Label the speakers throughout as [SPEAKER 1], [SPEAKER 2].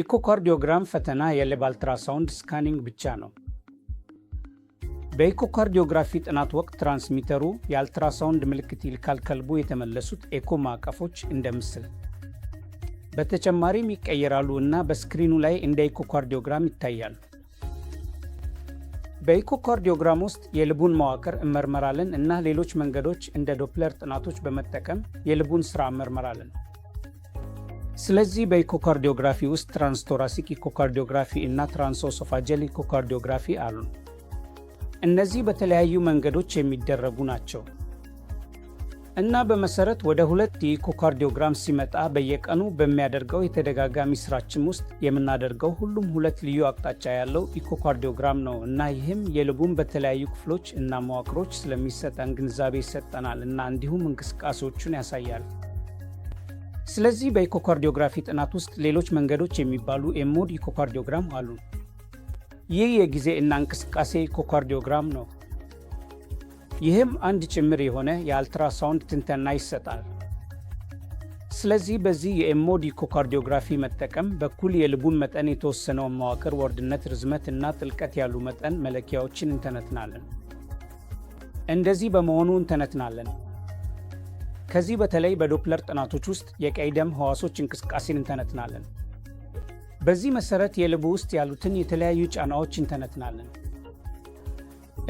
[SPEAKER 1] ኢኮካርዲዮግራም ፈተና የልብ አልትራሳውንድ ስካኒንግ ብቻ ነው። በኢኮካርዲዮግራፊ ጥናት ወቅት ትራንስሚተሩ የአልትራሳውንድ ምልክት ይልካል። ከልቡ የተመለሱት ኤኮ ማዕቀፎች እንደ ምስል በተጨማሪም ይቀየራሉ እና በስክሪኑ ላይ እንደ ኢኮካርዲዮግራም ይታያሉ። በኢኮካርዲዮግራም ውስጥ የልቡን መዋቅር እመርመራለን እና ሌሎች መንገዶች እንደ ዶፕለር ጥናቶች በመጠቀም የልቡን ሥራ እመርመራለን። ስለዚህ በኢኮካርዲዮግራፊ ውስጥ ትራንስቶራሲክ ኢኮካርዲዮግራፊ እና ትራንሶሶፋጀል ኢኮካርዲዮግራፊ አሉ። እነዚህ በተለያዩ መንገዶች የሚደረጉ ናቸው እና በመሰረት ወደ ሁለት የኢኮካርዲዮግራም ሲመጣ በየቀኑ በሚያደርገው የተደጋጋሚ ስራችን ውስጥ የምናደርገው ሁሉም ሁለት ልዩ አቅጣጫ ያለው ኢኮካርዲዮግራም ነው እና ይህም የልቡን በተለያዩ ክፍሎች እና መዋቅሮች ስለሚሰጠን ግንዛቤ ይሰጠናል እና እንዲሁም እንቅስቃሴዎቹን ያሳያል። ስለዚህ በኢኮካርዲዮግራፊ ጥናት ውስጥ ሌሎች መንገዶች የሚባሉ ኤሞድ ኢኮካርዲዮግራም አሉ። ይህ የጊዜ እና እንቅስቃሴ ኢኮካርዲዮግራም ነው። ይህም አንድ ጭምር የሆነ የአልትራሳውንድ ትንተና ይሰጣል። ስለዚህ በዚህ የኤሞድ ኢኮካርዲዮግራፊ መጠቀም በኩል የልቡን መጠን፣ የተወሰነውን መዋቅር ወርድነት፣ ርዝመት እና ጥልቀት ያሉ መጠን መለኪያዎችን እንተነትናለን። እንደዚህ በመሆኑ እንተነትናለን። ከዚህ በተለይ በዶፕለር ጥናቶች ውስጥ የቀይ ደም ህዋሶች እንቅስቃሴን እንተነትናለን። በዚህ መሰረት የልብ ውስጥ ያሉትን የተለያዩ ጫናዎች እንተነትናለን።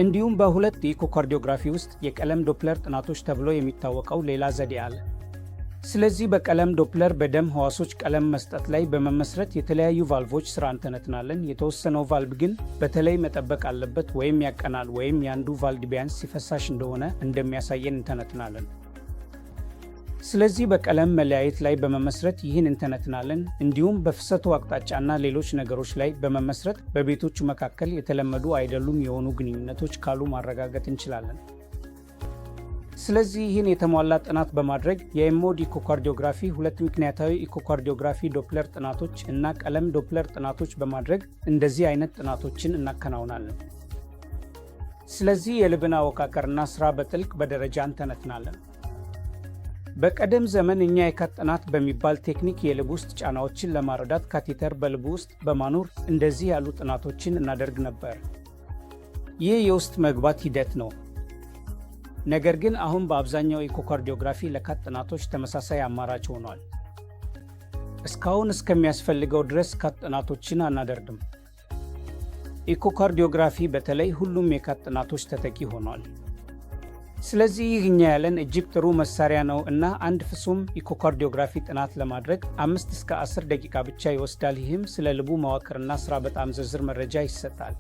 [SPEAKER 1] እንዲሁም በሁለት የኢኮካርዲዮግራፊ ውስጥ የቀለም ዶፕለር ጥናቶች ተብሎ የሚታወቀው ሌላ ዘዴ አለ። ስለዚህ በቀለም ዶፕለር በደም ህዋሶች ቀለም መስጠት ላይ በመመስረት የተለያዩ ቫልቮች ስራ እንተነትናለን። የተወሰነው ቫልቭ ግን በተለይ መጠበቅ አለበት ወይም ያቀናል ወይም የአንዱ ቫልቭ ቢያንስ ሲፈሳሽ እንደሆነ እንደሚያሳየን እንተነትናለን። ስለዚህ በቀለም መለያየት ላይ በመመስረት ይህን እንተነትናለን። እንዲሁም በፍሰቱ አቅጣጫና ሌሎች ነገሮች ላይ በመመስረት በቤቶቹ መካከል የተለመዱ አይደሉም የሆኑ ግንኙነቶች ካሉ ማረጋገጥ እንችላለን። ስለዚህ ይህን የተሟላ ጥናት በማድረግ የኤምኦድ ኢኮካርዲዮግራፊ፣ ሁለት ምክንያታዊ ኢኮካርዲዮግራፊ ዶፕለር ጥናቶች እና ቀለም ዶፕለር ጥናቶች በማድረግ እንደዚህ አይነት ጥናቶችን እናከናውናለን። ስለዚህ የልብን አወቃቀርና ስራ በጥልቅ በደረጃ እንተነትናለን። በቀደም ዘመን እኛ የካት በሚባል ቴክኒክ የልብ ውስጥ ጫናዎችን ለማረዳት ካቴተር በልብ ውስጥ በማኖር እንደዚህ ያሉ ጥናቶችን እናደርግ ነበር። ይህ የውስጥ መግባት ሂደት ነው። ነገር ግን አሁን በአብዛኛው ኢኮካርዲዮግራፊ ለካት ጥናቶች ተመሳሳይ አማራጭ ሆኗል። እስካሁን እስከሚያስፈልገው ድረስ ካት ጥናቶችን አናደርግም። ኢኮካርዲዮግራፊ በተለይ ሁሉም የካት ጥናቶች ተተኪ ሆኗል። ስለዚህ ይህ እኛ ያለን እጅግ ጥሩ መሳሪያ ነው እና አንድ ፍጹም ኢኮካርዲዮግራፊ ጥናት ለማድረግ አምስት እስከ አስር ደቂቃ ብቻ ይወስዳል። ይህም ስለ ልቡ መዋቅርና ስራ በጣም ዝርዝር መረጃ ይሰጣል።